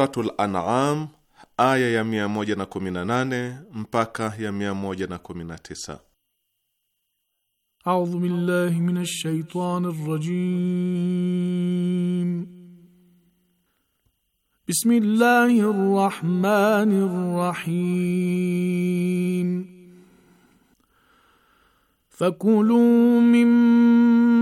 Suratul An'am aya ya 118 mpaka ya 119. A'udhu billahi minash shaitani rrajim. Bismillahir rahmanir rahim. Fakulu mimma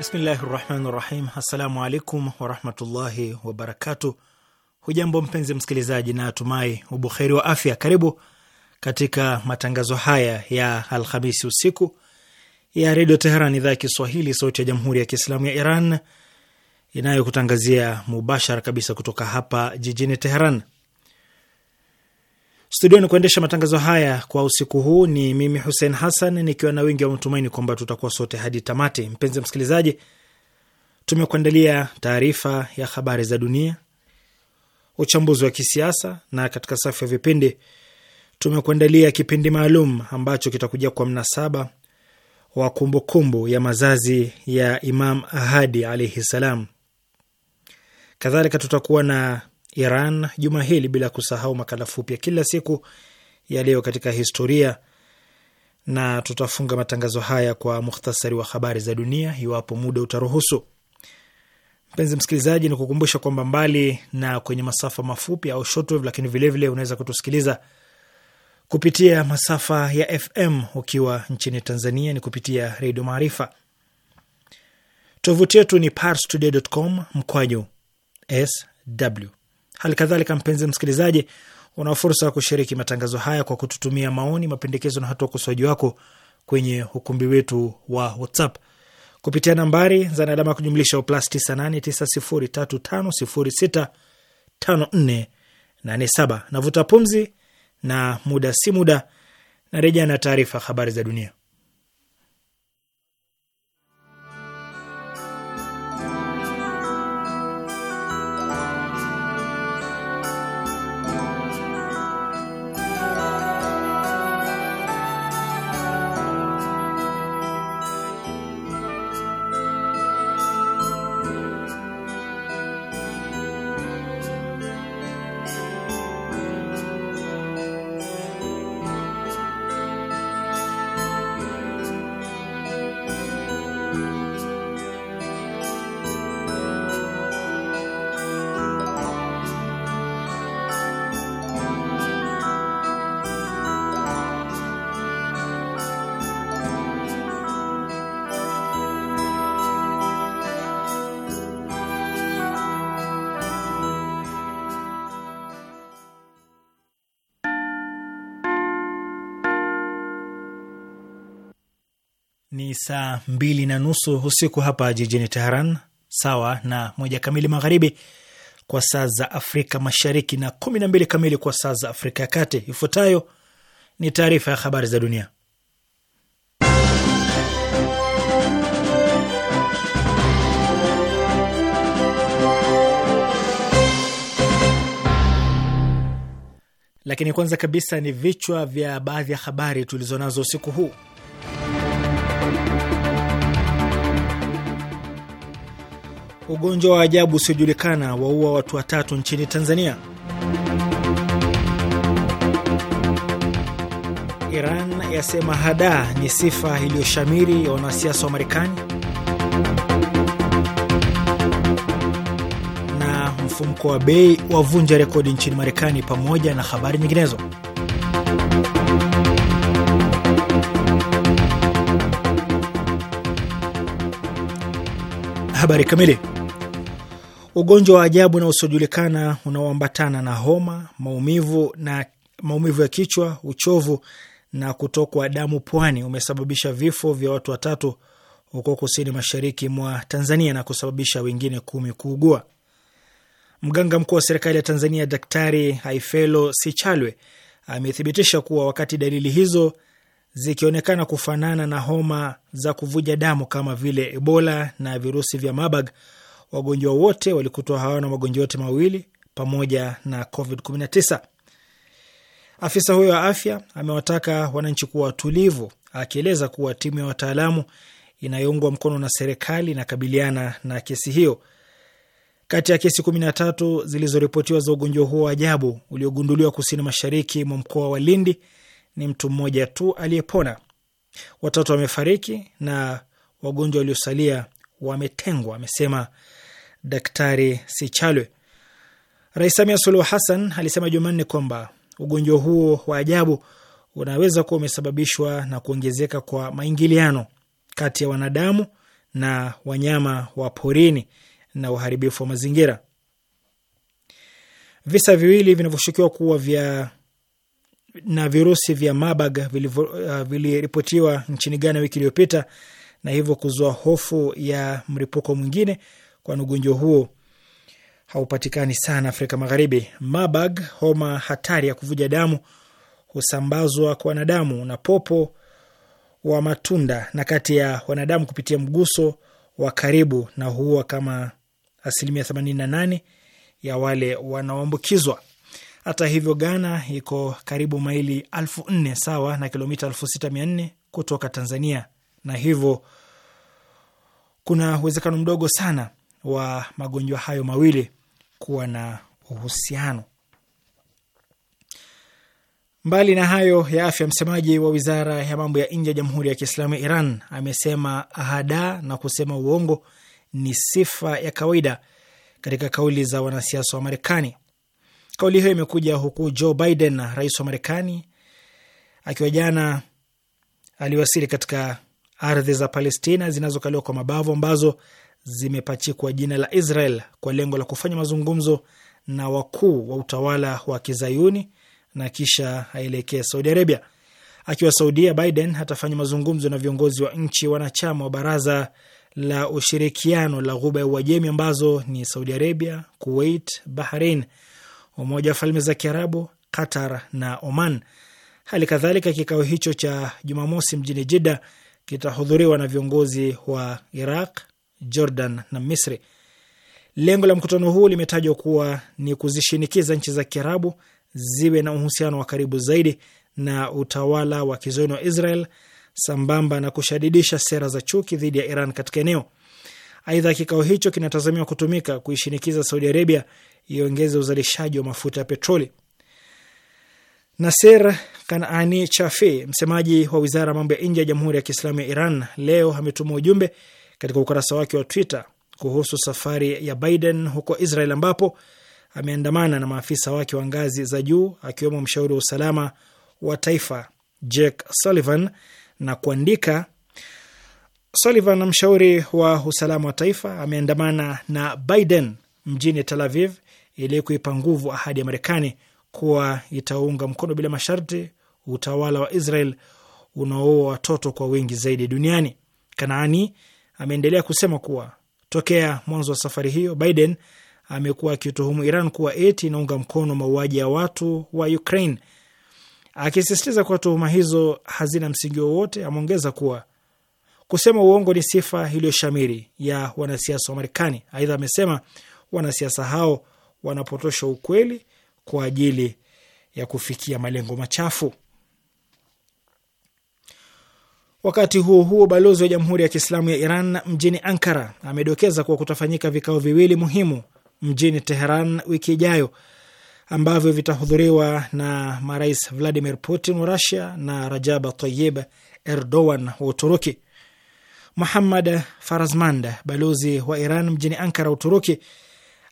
Bismillahi rahmani rahim. Assalamu alaikum warahmatullahi wabarakatu. Hujambo mpenzi msikilizaji, na atumai ubuheri wa afya. Karibu katika matangazo haya ya Alhamisi usiku ya redio Teheran, idhaa ya Kiswahili, sauti ya jamhuri ya kiislamu ya Iran inayokutangazia mubashara kabisa kutoka hapa jijini Teheran. Studioni kuendesha matangazo haya kwa usiku huu ni mimi Hussein Hassan, nikiwa na wengi wa matumaini kwamba tutakuwa sote hadi tamati. Mpenzi msikilizaji, tumekuandalia taarifa ya habari za dunia, uchambuzi wa kisiasa, na katika safu ya vipindi tumekuandalia kipindi maalum ambacho kitakuja kwa mnasaba wa kumbukumbu kumbu ya mazazi ya Imam Ahadi alaihi salam. Kadhalika tutakuwa na Iran juma hili, bila kusahau makala fupi ya kila siku ya leo katika historia, na tutafunga matangazo haya kwa muhtasari wa habari za dunia iwapo muda utaruhusu. Mpenzi msikilizaji, ni kukumbusha kwamba mbali na kwenye masafa mafupi au shortwave, lakini vilevile unaweza kutusikiliza kupitia masafa ya FM ukiwa nchini Tanzania ni kupitia Redio Maarifa. Tovuti yetu ni parstoday.com mkwaju sw Hali kadhalika, mpenzi msikilizaji, una fursa ya kushiriki matangazo haya kwa kututumia maoni, mapendekezo na hatua ukosoaji wako kwenye ukumbi wetu wa WhatsApp kupitia nambari za alama ya kujumlisha plus 989035065487. Navuta pumzi na muda si muda narejea na taarifa habari za dunia. saa mbili na nusu usiku hapa jijini Teheran, sawa na moja kamili magharibi kwa saa za Afrika Mashariki na kumi na mbili kamili kwa saa za Afrika ya Kati. Ifuatayo ni taarifa ya habari za dunia, lakini kwanza kabisa ni vichwa vya baadhi ya habari tulizonazo usiku huu. Ugonjwa wa ajabu usiojulikana waua watu watatu nchini Tanzania. Iran yasema hada ni sifa iliyoshamiri ya wanasiasa wa Marekani. Na mfumko wa bei wavunja rekodi nchini Marekani, pamoja na habari nyinginezo. Habari kamili Ugonjwa wa ajabu usiojulikana unaoambatana na homa, maumivu na maumivu ya kichwa, uchovu na kutokwa damu puani umesababisha vifo vya watu watatu huko kusini mashariki mwa Tanzania na kusababisha wengine kumi kuugua. Mganga mkuu wa serikali ya Tanzania Daktari Haifelo Sichalwe amethibitisha kuwa wakati dalili hizo zikionekana kufanana na homa za kuvuja damu kama vile Ebola na virusi vya Marburg, wagonjwa wote walikutwa hawana magonjwa yote mawili pamoja na COVID-19. Afisa huyo wa afya amewataka wananchi kuwa watulivu, akieleza kuwa timu ya wataalamu inayoungwa mkono na serikali inakabiliana na kesi hiyo. Kati ya kesi kumi na tatu zilizoripotiwa za ugonjwa huo wa ajabu uliogunduliwa kusini mashariki mwa mkoa wa Lindi, ni mtu mmoja tu aliyepona. Watatu wamefariki na wagonjwa waliosalia wametengwa, amesema Daktari Sichalwe. Rais Samia Suluhu Hassan alisema Jumanne kwamba ugonjwa huo wa ajabu unaweza kuwa umesababishwa na kuongezeka kwa maingiliano kati ya wanadamu na wanyama wa porini na uharibifu wa mazingira. Visa viwili vinavyoshukiwa kuwa vya na virusi vya mabag uh, viliripotiwa uh, vili nchini Ghana wiki iliyopita na hivyo kuzua hofu ya mripuko mwingine kwani ugonjwa huo haupatikani sana Afrika Magharibi. Mabag, homa hatari ya kuvuja damu, husambazwa kwa wanadamu na popo wa matunda na kati ya wanadamu kupitia mguso wa karibu, na huua kama asilimia 88 ya wale wanaoambukizwa. Hata hivyo, Ghana iko karibu maili elfu nne sawa na kilomita elfu sita mia nne kutoka Tanzania, na hivyo kuna uwezekano mdogo sana wa magonjwa hayo mawili kuwa na uhusiano. Mbali na hayo ya afya, msemaji wa wizara ya mambo ya nje ya Jamhuri ya Kiislamu ya Iran amesema ahada na kusema uongo ni sifa ya kawaida katika kauli za wanasiasa wa Marekani. Kauli hiyo imekuja huku Joe Biden, rais wa Marekani, akiwa jana aliwasili katika ardhi za Palestina zinazokaliwa kwa mabavu ambazo zimepachikwa jina la Israel kwa lengo la kufanya mazungumzo na wakuu wa utawala wa kizayuni na kisha aelekee Saudi Arabia. Akiwa Saudia, Biden atafanya mazungumzo na viongozi wa nchi wanachama wa Baraza la Ushirikiano la Ghuba ya Uajemi ambazo ni Saudi Arabia, Kuwait, Bahrain, Umoja wa Falme za Kiarabu, Qatar na Oman. Hali kadhalika, kikao hicho cha Jumamosi mjini Jidda kitahudhuriwa na viongozi wa Iraq, Jordan na Misri. Lengo la mkutano huu limetajwa kuwa ni kuzishinikiza nchi za Kiarabu ziwe na uhusiano wa karibu zaidi na utawala wa kizoni wa Israel sambamba na kushadidisha sera za chuki dhidi ya Iran katika eneo. Aidha, kikao hicho kinatazamiwa kutumika kuishinikiza Saudi Arabia iongeze uzalishaji wa mafuta ya petroli. nasir Kanani Chafi, msemaji wa wizara ya mambo ya nje ya Jamhuri ya Kiislamu ya Iran, leo ametuma ujumbe katika ukurasa wake wa Twitter kuhusu safari ya Biden huko Israel ambapo ameandamana na maafisa wake wa ngazi za juu akiwemo mshauri wa usalama wa taifa Jake Sullivan na kuandika. Sullivan, mshauri wa usalama wa taifa, ameandamana na Biden mjini Tel Aviv ili kuipa nguvu ahadi ya Marekani kuwa itaunga mkono bila masharti utawala wa Israel unaoua watoto kwa wingi zaidi duniani. Kanaani ameendelea kusema kuwa tokea mwanzo wa safari hiyo Biden amekuwa akituhumu Iran kuwa eti inaunga mkono mauaji ya watu wa Ukraine, akisisitiza kuwa tuhuma hizo hazina msingi wowote. Ameongeza kuwa kusema uongo ni sifa iliyoshamiri ya wanasiasa wa Marekani. Aidha, amesema wanasiasa hao wanapotosha ukweli kwa ajili ya kufikia malengo machafu. Wakati huo huo, balozi wa Jamhuri ya Kiislamu ya Iran mjini Ankara amedokeza kuwa kutafanyika vikao viwili muhimu mjini Teheran wiki ijayo ambavyo vitahudhuriwa na marais Vladimir Putin wa Rusia na Rajab Tayyib Erdogan wa Uturuki. Muhammad Farazmand, balozi wa Iran mjini Ankara, Uturuki,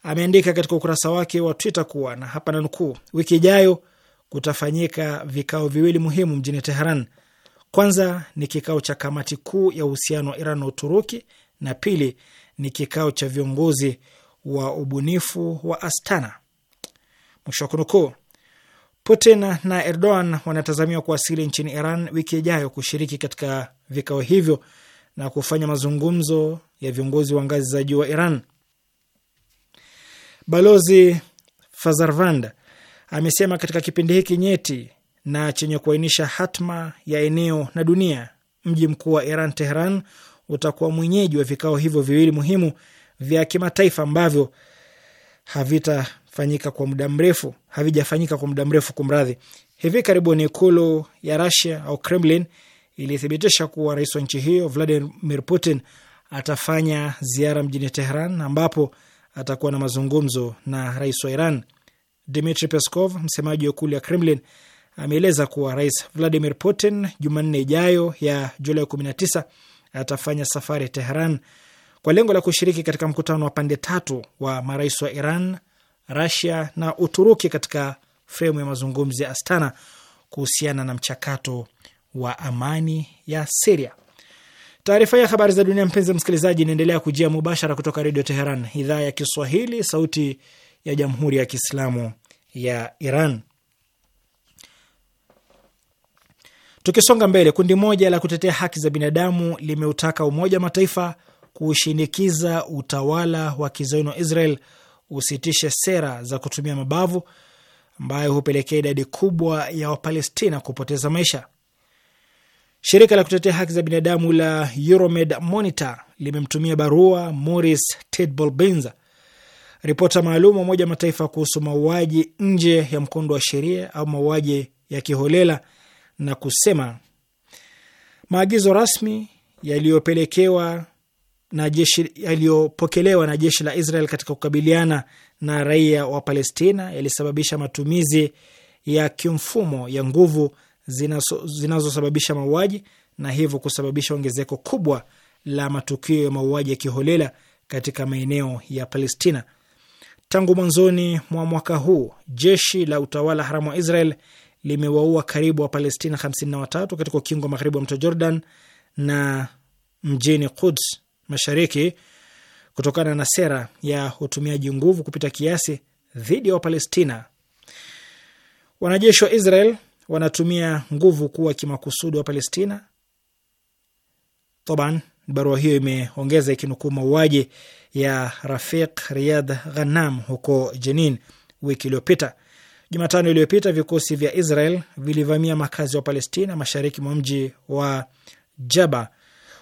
ameandika katika ukurasa wake wa Twitter kuwa na hapa nanukuu, wiki ijayo kutafanyika vikao viwili muhimu mjini Teheran kwanza ni kikao cha kamati kuu ya uhusiano wa Iran na Uturuki, na pili ni kikao cha viongozi wa ubunifu wa Astana. Mwisho wa kunukuu. Putin na Erdogan wanatazamiwa kuwasili nchini Iran wiki ijayo kushiriki katika vikao hivyo na kufanya mazungumzo ya viongozi wa ngazi za juu wa Iran. Balozi Fazarvand amesema katika kipindi hiki nyeti na chenye kuainisha hatma ya eneo na dunia. Mji mkuu wa Iran, Tehran, utakuwa mwenyeji wa vikao hivyo viwili muhimu vya kimataifa ambavyo havitafanyika kwa muda mrefu, havijafanyika kwa muda mrefu, kumradhi. Hivi karibuni ikulu ya Russia au Kremlin ilithibitisha kuwa rais wa nchi hiyo Vladimir Putin atafanya ziara mjini Tehran ambapo atakuwa na mazungumzo na rais wa Iran. Dmitri Peskov, msemaji wa ikulu ya Kremlin, ameeleza kuwa Rais Vladimir Putin Jumanne ijayo ya Julai 19 atafanya safari Teheran kwa lengo la kushiriki katika mkutano wa pande tatu wa marais wa Iran, Rasia na Uturuki katika fremu ya mazungumzo ya Astana kuhusiana na mchakato wa amani ya Siria. Taarifa ya habari za dunia, mpenzi msikilizaji, inaendelea kujia mubashara kutoka Redio Teheran, idhaa ya Kiswahili, sauti ya Jamhuri ya Kiislamu ya Iran. Tukisonga mbele, kundi moja la kutetea haki za binadamu limeutaka Umoja wa Mataifa kushinikiza utawala wa kizayuni wa Israel usitishe sera za kutumia mabavu ambayo hupelekea idadi kubwa ya Wapalestina kupoteza maisha. Shirika la kutetea haki za binadamu la Euromed Monitor limemtumia barua Moris Tedbol-Benza, ripota maalum wa Umoja wa Mataifa kuhusu mauaji nje ya mkondo wa sheria au mauaji ya kiholela na kusema maagizo rasmi yaliyopelekewa na jeshi yaliyopokelewa na jeshi la Israel katika kukabiliana na raia wa Palestina yalisababisha matumizi ya kimfumo ya nguvu zinazosababisha mauaji na hivyo kusababisha ongezeko kubwa la matukio ya mauaji ya kiholela katika maeneo ya Palestina. Tangu mwanzoni mwa mwaka huu jeshi la utawala haramu wa Israel limewaua karibu Wapalestina 53 katika ukingo wa magharibi wa mto Jordan na mjini Quds mashariki kutokana na sera ya utumiaji nguvu kupita kiasi dhidi ya Wapalestina. Wanajeshi wa Israel wanatumia nguvu kuwa kimakusudi wa Palestina. Toban, barua hiyo imeongeza ikinukuu mauaji ya Rafiq Riyad Ghanam huko Jenin wiki iliyopita. Jumatano iliyopita vikosi vya Israel vilivamia makazi wa Palestina mashariki mwa mji wa Jaba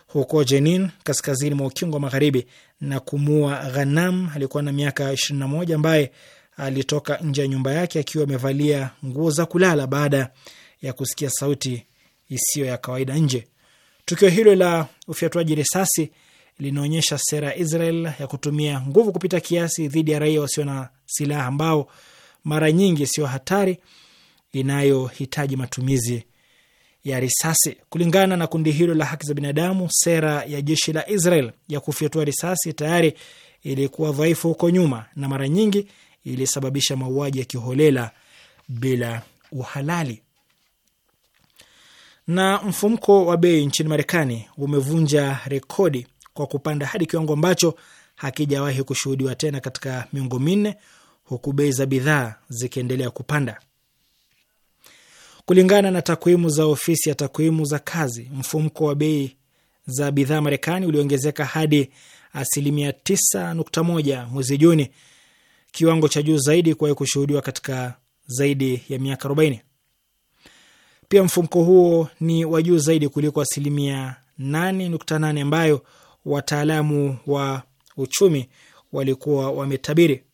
huko Jenin, kaskazini mwa ukingo wa magharibi na kumua Ghanam alikuwa na miaka 21 ambaye alitoka nje ya nyumba yake akiwa amevalia nguo za kulala baada ya kusikia sauti isiyo ya kawaida nje. Tukio hilo la ufyatuaji risasi linaonyesha sera ya Israel ya kutumia nguvu kupita kiasi dhidi ya raia wasio na silaha ambao mara nyingi sio hatari inayohitaji matumizi ya risasi. Kulingana na kundi hilo la haki za binadamu, sera ya jeshi la Israel ya kufyatua risasi tayari ilikuwa dhaifu huko nyuma na mara nyingi ilisababisha mauaji ya kiholela bila uhalali. Na mfumko wa bei nchini Marekani umevunja rekodi kwa kupanda hadi kiwango ambacho hakijawahi kushuhudiwa tena katika miongo minne huku bei za bidhaa zikiendelea kupanda. Kulingana na takwimu za ofisi ya takwimu za kazi, mfumko wa bei za bidhaa Marekani uliongezeka hadi asilimia 9.1 mwezi Juni, kiwango cha juu zaidi kuwahi kushuhudiwa katika zaidi ya miaka 40. Pia mfumko huo ni wa juu zaidi kuliko asilimia 8.8 ambayo wataalamu wa uchumi walikuwa wametabiri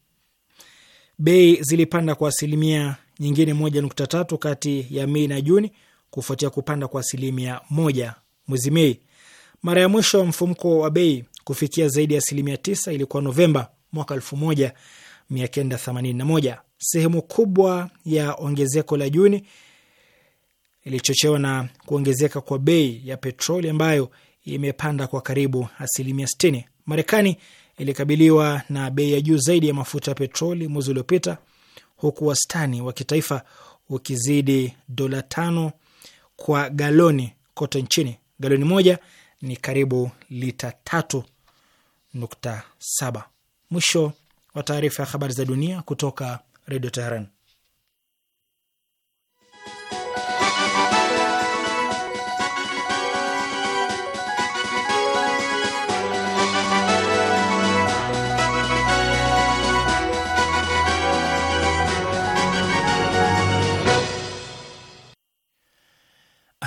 bei zilipanda kwa asilimia nyingine moja nukta tatu kati ya Mei na Juni kufuatia kupanda kwa asilimia moja mwezi Mei. Mara ya mwisho mfumko wa bei kufikia zaidi ya asilimia tisa ilikuwa Novemba mwaka elfu moja mia kenda themanini na moja. Sehemu kubwa ya ongezeko la Juni ilichochewa na kuongezeka kwa bei ya petroli ambayo imepanda kwa karibu asilimia sitini. Marekani ilikabiliwa na bei ya juu zaidi ya mafuta ya petroli mwezi uliopita, huku wastani wa kitaifa ukizidi dola tano kwa galoni kote nchini. Galoni moja ni karibu lita tatu nukta saba. Mwisho wa taarifa ya habari za dunia kutoka Redio Teheran.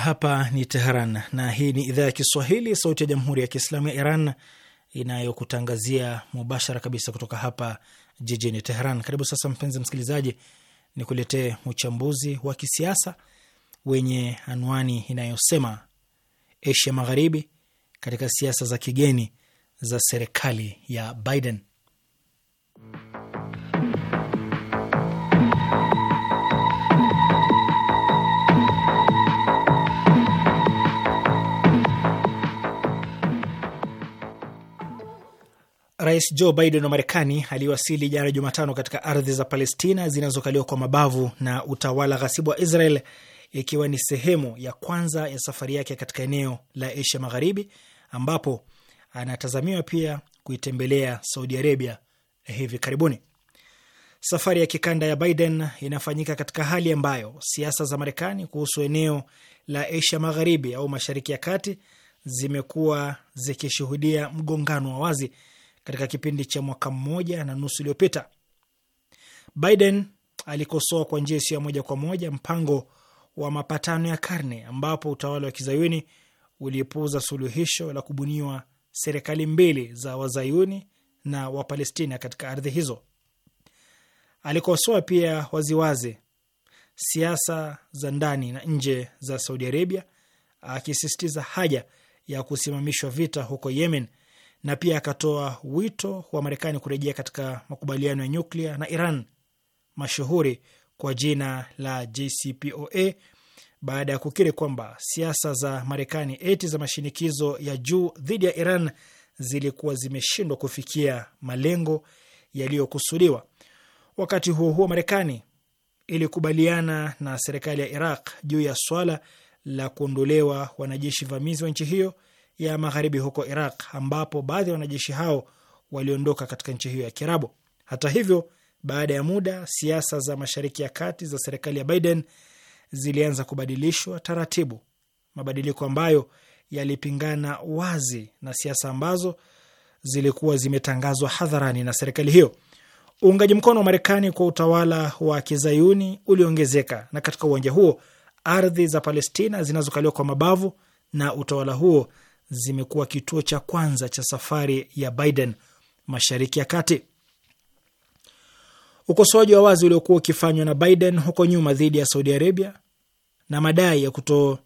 Hapa ni Teheran na hii ni idhaa ya Kiswahili, sauti ya jamhuri ya kiislamu ya Iran inayokutangazia mubashara kabisa kutoka hapa jijini Teheran. Karibu sasa, mpenzi msikilizaji, ni kuletee uchambuzi wa kisiasa wenye anwani inayosema Asia Magharibi katika siasa za kigeni za serikali ya Biden. Rais Joe Biden wa Marekani aliwasili jana Jumatano katika ardhi za Palestina zinazokaliwa kwa mabavu na utawala ghasibu wa Israel, ikiwa ni sehemu ya kwanza ya safari yake katika eneo la Asia Magharibi, ambapo anatazamiwa pia kuitembelea Saudi Arabia hivi karibuni. Safari ya kikanda ya Biden inafanyika katika hali ambayo siasa za Marekani kuhusu eneo la Asia Magharibi au Mashariki ya Kati zimekuwa zikishuhudia mgongano wa wazi katika kipindi cha mwaka mmoja na nusu iliyopita. Biden alikosoa kwa njia isiyo moja kwa moja mpango wa mapatano ya karne ambapo utawala wa kizayuni ulipuuza suluhisho la kubuniwa serikali mbili za wazayuni na wapalestina katika ardhi hizo. Alikosoa pia waziwazi siasa za ndani na nje za Saudi Arabia, akisisitiza haja ya kusimamishwa vita huko Yemen na pia akatoa wito wa Marekani kurejea katika makubaliano ya nyuklia na Iran mashuhuri kwa jina la JCPOA baada ya kukiri kwamba siasa za Marekani eti za mashinikizo ya juu dhidi ya Iran zilikuwa zimeshindwa kufikia malengo yaliyokusudiwa. Wakati huo huo, Marekani ilikubaliana na serikali ya Iraq juu ya swala la kuondolewa wanajeshi vamizi wa nchi hiyo ya magharibi huko Iraq, ambapo baadhi ya wanajeshi hao waliondoka katika nchi hiyo ya Kiarabu. Hata hivyo, baada ya muda, siasa za Mashariki ya Kati za serikali ya Biden zilianza kubadilishwa taratibu, mabadiliko ambayo yalipingana wazi na siasa ambazo zilikuwa zimetangazwa hadharani na serikali hiyo. Uungaji mkono wa Marekani kwa utawala wa kizayuni uliongezeka, na katika uwanja huo ardhi za Palestina zinazokaliwa kwa mabavu na utawala huo zimekuwa kituo cha kwanza cha safari ya Biden mashariki ya kati. Ukosoaji wa wazi uliokuwa ukifanywa na Biden huko nyuma dhidi ya Saudi Arabia na madai ya kuto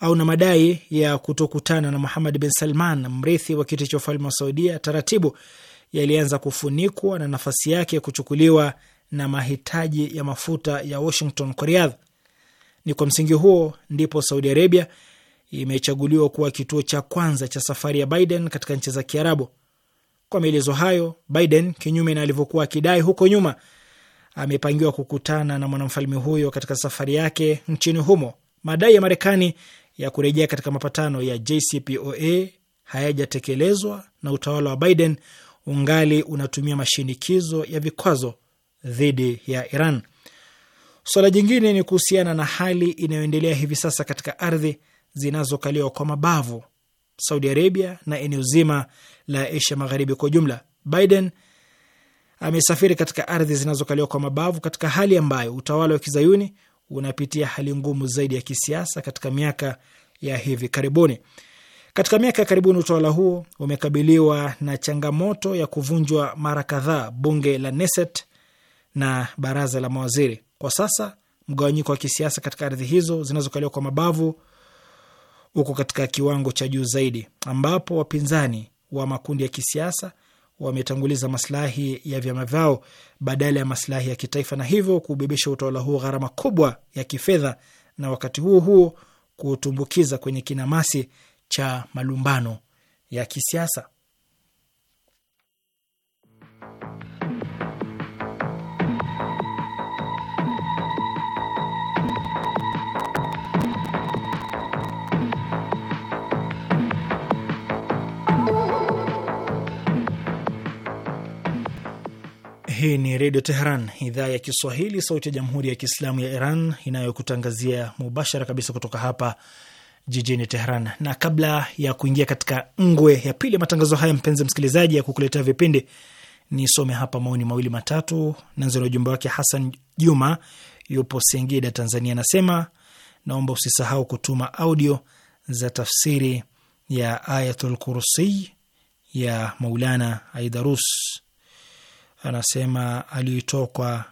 au na madai ya kutokutana na Muhammad bin Salman, mrithi wa kiti cha ufalme wa Saudia, taratibu yalianza kufunikwa na nafasi yake kuchukuliwa na mahitaji ya mafuta ya Washington kwa Riyadh. Ni kwa msingi huo ndipo Saudi Arabia imechaguliwa kuwa kituo cha kwanza cha safari ya Biden katika nchi za Kiarabu. Kwa maelezo hayo, Biden, kinyume na alivyokuwa akidai huko nyuma, amepangiwa kukutana na mwanamfalme huyo katika safari yake nchini humo. Madai ya Marekani ya kurejea katika mapatano ya JCPOA hayajatekelezwa na utawala wa Biden ungali unatumia mashinikizo ya vikwazo dhidi ya Iran. Swala jingine ni kuhusiana na hali inayoendelea hivi sasa katika ardhi zinazokaliwa kwa mabavu Saudi Arabia na eneo zima la Asia Magharibi kwa ujumla. Biden amesafiri katika ardhi zinazokaliwa kwa mabavu katika hali ambayo utawala wa kizayuni unapitia hali ngumu zaidi ya kisiasa katika miaka ya hivi karibuni. Katika miaka ya karibuni utawala huo umekabiliwa na changamoto ya kuvunjwa mara kadhaa bunge la Knesset na baraza la mawaziri. Kwa sasa mgawanyiko wa kisiasa katika ardhi hizo zinazokaliwa kwa mabavu uko katika kiwango cha juu zaidi, ambapo wapinzani wa makundi ya kisiasa wametanguliza maslahi ya vyama vyao badala ya maslahi ya kitaifa, na hivyo kubebesha utawala huo gharama kubwa ya kifedha, na wakati huo huo kutumbukiza kwenye kinamasi cha malumbano ya kisiasa. Hii ni Redio Teheran, idhaa ya Kiswahili, sauti ya Jamhuri ya Kiislamu ya Iran, inayokutangazia mubashara kabisa kutoka hapa jijini Teheran. Na kabla ya kuingia katika ngwe ya pili ya matangazo haya, mpenzi msikilizaji, ya kukuletea vipindi, nisome hapa maoni mawili matatu. Nanzo na ujumbe wake Hasan Juma, yupo Singida, Tanzania, anasema naomba usisahau kutuma audio za tafsiri ya Ayatul Kursi ya Maulana Aidarus anasema aliitoa kwa,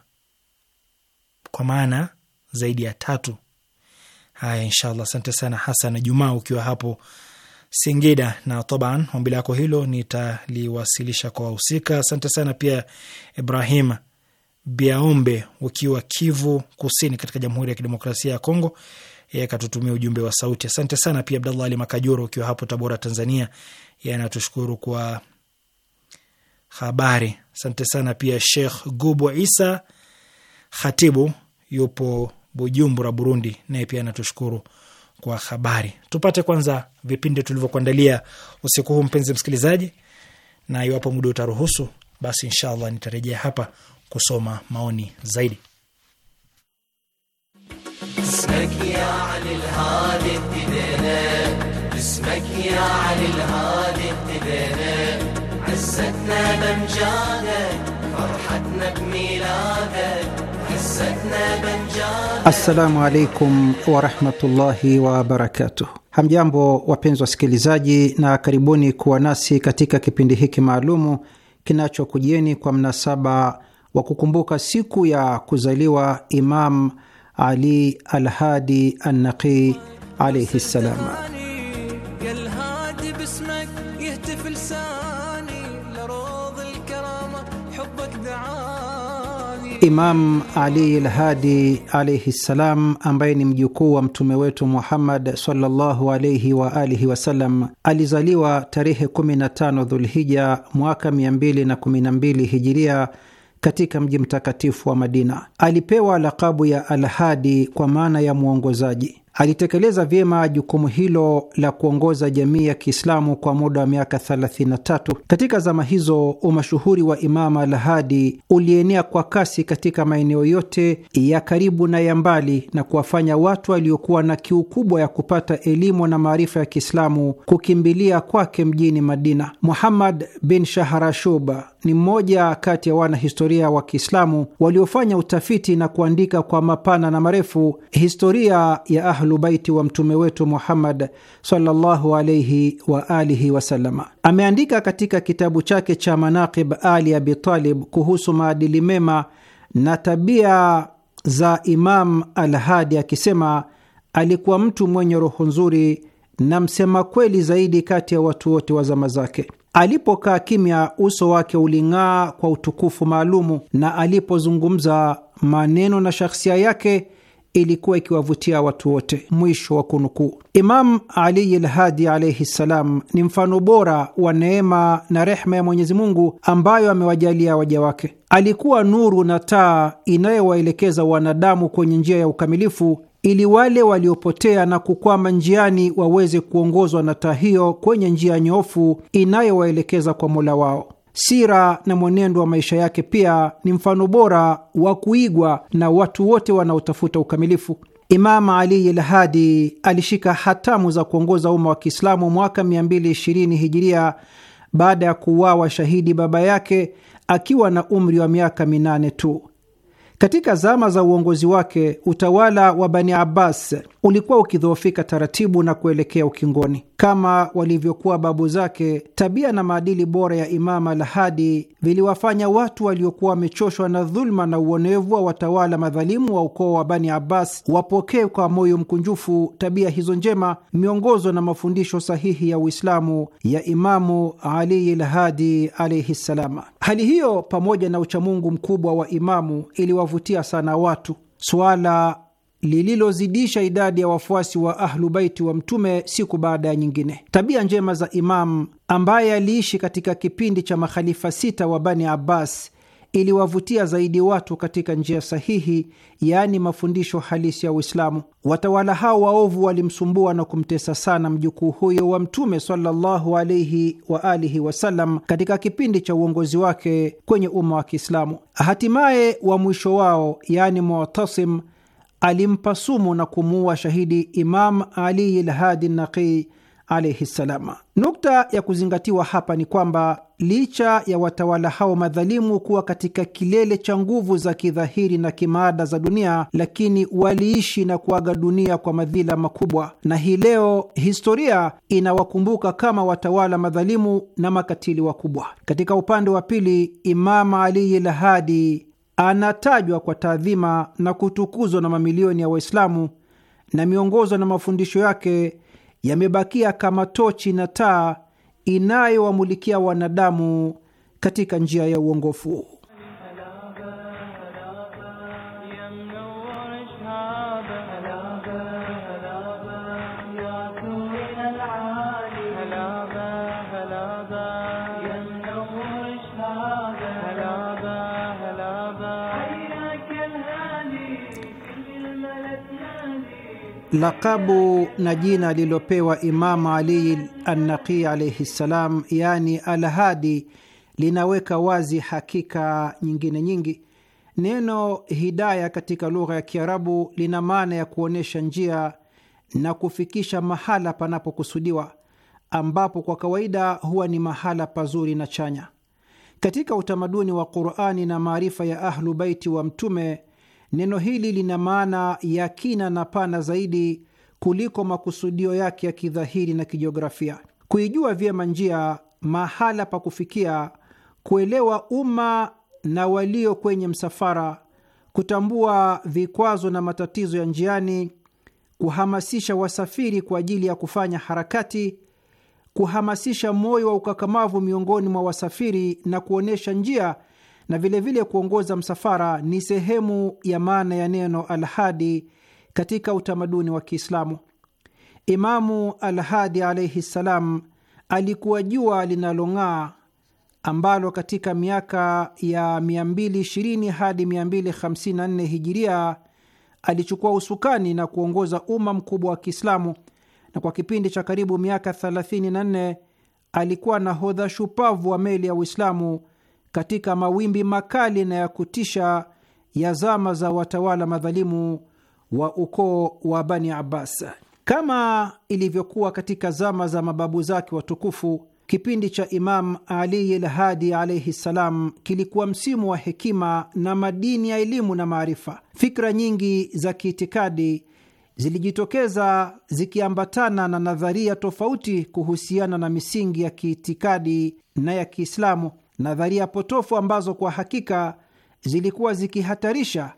kwa maana zaidi ya tatu. Haya, inshallah. Asante sana Hasan Jumaa, ukiwa hapo Singida, na taban ombi lako hilo nitaliwasilisha kwa wahusika. Asante sana pia Ibrahim Biaombe, ukiwa Kivu Kusini katika Jamhuri ya Kidemokrasia ya Kongo, yeye akatutumia ujumbe wa sauti. Asante sana pia Abdallah Ali Makajuro, ukiwa hapo Tabora, Tanzania, yeye anatushukuru kwa habari. Asante sana pia Sheikh Gubo Isa Khatibu yupo Bujumbura, Burundi, naye pia anatushukuru kwa habari. Tupate kwanza vipindi tulivyokuandalia usiku huu, mpenzi msikilizaji, na iwapo muda utaruhusu, basi inshallah nitarejea hapa kusoma maoni zaidi. هزتنا بمجادك فرحتنا بميلادك السلام عليكم ورحمة الله وبركاته Hamjambo wapenzi wasikilizaji, na karibuni kuwa nasi katika kipindi hiki maalumu kinachokujieni kwa mnasaba wa kukumbuka siku ya kuzaliwa Imam Ali Alhadi Annaqi alaihi ssalam. Imam Ali Lhadi alaihi ssalam, ambaye ni mjukuu wa mtume wetu Muhammad sallallahu alaihi wa alihi wasallam, alizaliwa tarehe 15 Dhulhija mwaka 212 Hijiria katika mji mtakatifu wa Madina. Alipewa lakabu ya Alhadi kwa maana ya mwongozaji. Alitekeleza vyema jukumu hilo la kuongoza jamii ya Kiislamu kwa muda wa miaka 33. Katika zama hizo, umashuhuri wa Imama Al-Hadi ulienea kwa kasi katika maeneo yote ya karibu na ya mbali na kuwafanya watu waliokuwa na kiu kubwa ya kupata elimu na maarifa ya Kiislamu kukimbilia kwake mjini Madina. Muhammad bin Shahrashuba ni mmoja kati ya wanahistoria wa Kiislamu waliofanya utafiti na kuandika kwa mapana na marefu historia ya ahlubaiti wa mtume wetu Muhammad sallallahu alaihi wa alihi wasalama. Ameandika katika kitabu chake cha Manaqib Ali Abitalib kuhusu maadili mema na tabia za Imam Alhadi akisema, alikuwa mtu mwenye roho nzuri na msema kweli zaidi kati ya watu wote wa zama zake. Alipokaa kimya, uso wake uling'aa kwa utukufu maalumu, na alipozungumza maneno na shakhsia yake ilikuwa ikiwavutia watu wote. Mwisho wa kunukuu. Imam Ali Lhadi alaihi ssalam ni mfano bora wa neema na rehma ya Mwenyezi Mungu ambayo amewajalia waja wake. Alikuwa nuru na taa inayowaelekeza wanadamu kwenye njia ya ukamilifu ili wale waliopotea na kukwama njiani waweze kuongozwa na taa hiyo kwenye njia nyofu inayowaelekeza kwa Mola wao. Sira na mwenendo wa maisha yake pia ni mfano bora wa kuigwa na watu wote wanaotafuta ukamilifu. Imam Ali lhadi hadi alishika hatamu za kuongoza umma wa Kiislamu mwaka 220 hijiria baada ya kuuawa shahidi baba yake akiwa na umri wa miaka minane tu. Katika zama za uongozi wake, utawala wa Bani Abbas ulikuwa ukidhoofika taratibu na kuelekea ukingoni. Kama walivyokuwa babu zake, tabia na maadili bora ya Imam Alhadi viliwafanya watu waliokuwa wamechoshwa na dhuluma na uonevu wa watawala madhalimu wa ukoo wa Bani Abbas wapokee kwa moyo mkunjufu tabia hizo njema, miongozo na mafundisho sahihi ya Uislamu ya Imamu Ali lhadi alaihi ssalama. Hali hiyo pamoja na uchamungu mkubwa wa Imamu iliwavutia sana watu, suala lililozidisha idadi ya wafuasi wa Ahlubaiti wa Mtume siku baada ya nyingine. Tabia njema za Imamu ambaye aliishi katika kipindi cha makhalifa sita wa Bani Abbas iliwavutia zaidi watu katika njia sahihi, yaani mafundisho halisi ya Uislamu. Watawala hao waovu walimsumbua na kumtesa sana mjukuu huyo wa Mtume sallallahu alaihi wa alihi wasallam katika kipindi cha uongozi wake kwenye umma wa Kiislamu. Hatimaye wa mwisho wao, yaani Muatasim, alimpa sumu na kumuua shahidi Imam Ali Lhadi Naqi alaihi ssalama. Nukta ya kuzingatiwa hapa ni kwamba licha ya watawala hao madhalimu kuwa katika kilele cha nguvu za kidhahiri na kimaada za dunia, lakini waliishi na kuaga dunia kwa madhila makubwa, na hii leo historia inawakumbuka kama watawala madhalimu na makatili wakubwa. Katika upande wa pili, Imam Ali Lhadi anatajwa kwa taadhima na kutukuzwa na mamilioni ya Waislamu, na miongozo na mafundisho yake yamebakia kama tochi na taa inayowamulikia wanadamu katika njia ya uongofu. Lakabu na jina lililopewa Imamu Ali Annaqi alaihi ssalam, yaani Alhadi, linaweka wazi hakika nyingine nyingi. Neno hidaya katika lugha ya Kiarabu lina maana ya kuonyesha njia na kufikisha mahala panapokusudiwa, ambapo kwa kawaida huwa ni mahala pazuri na chanya. Katika utamaduni wa Qurani na maarifa ya Ahlu Baiti wa Mtume Neno hili lina maana ya kina na pana zaidi kuliko makusudio yake ya kidhahiri na kijiografia. Kuijua vyema njia, mahala pa kufikia, kuelewa umma na walio kwenye msafara, kutambua vikwazo na matatizo ya njiani, kuhamasisha wasafiri kwa ajili ya kufanya harakati, kuhamasisha moyo wa ukakamavu miongoni mwa wasafiri na kuonyesha njia na vilevile vile kuongoza msafara ni sehemu ya maana ya neno Alhadi katika utamaduni wa Kiislamu. Imamu Alhadi alaihi ssalam alikuwa jua linalong'aa ambalo katika miaka ya 220 hadi 254 hijiria alichukua usukani na kuongoza umma mkubwa wa Kiislamu, na kwa kipindi cha karibu miaka 34 alikuwa nahodha shupavu wa meli ya Uislamu katika mawimbi makali na ya kutisha ya zama za watawala madhalimu wa ukoo wa Bani Abbas. Kama ilivyokuwa katika zama za mababu zake watukufu, kipindi cha Imam Ali Al-Hadi alaihi ssalam kilikuwa msimu wa hekima na madini ya elimu na maarifa. Fikra nyingi za kiitikadi zilijitokeza zikiambatana na nadharia tofauti kuhusiana na misingi ya kiitikadi na ya Kiislamu nadharia potofu ambazo kwa hakika zilikuwa zikihatarisha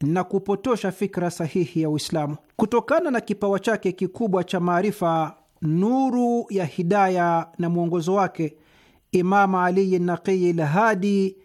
na kupotosha fikra sahihi ya Uislamu. Kutokana na kipawa chake kikubwa cha maarifa, nuru ya hidaya na mwongozo wake, imamu Ali Naqiyi lhadi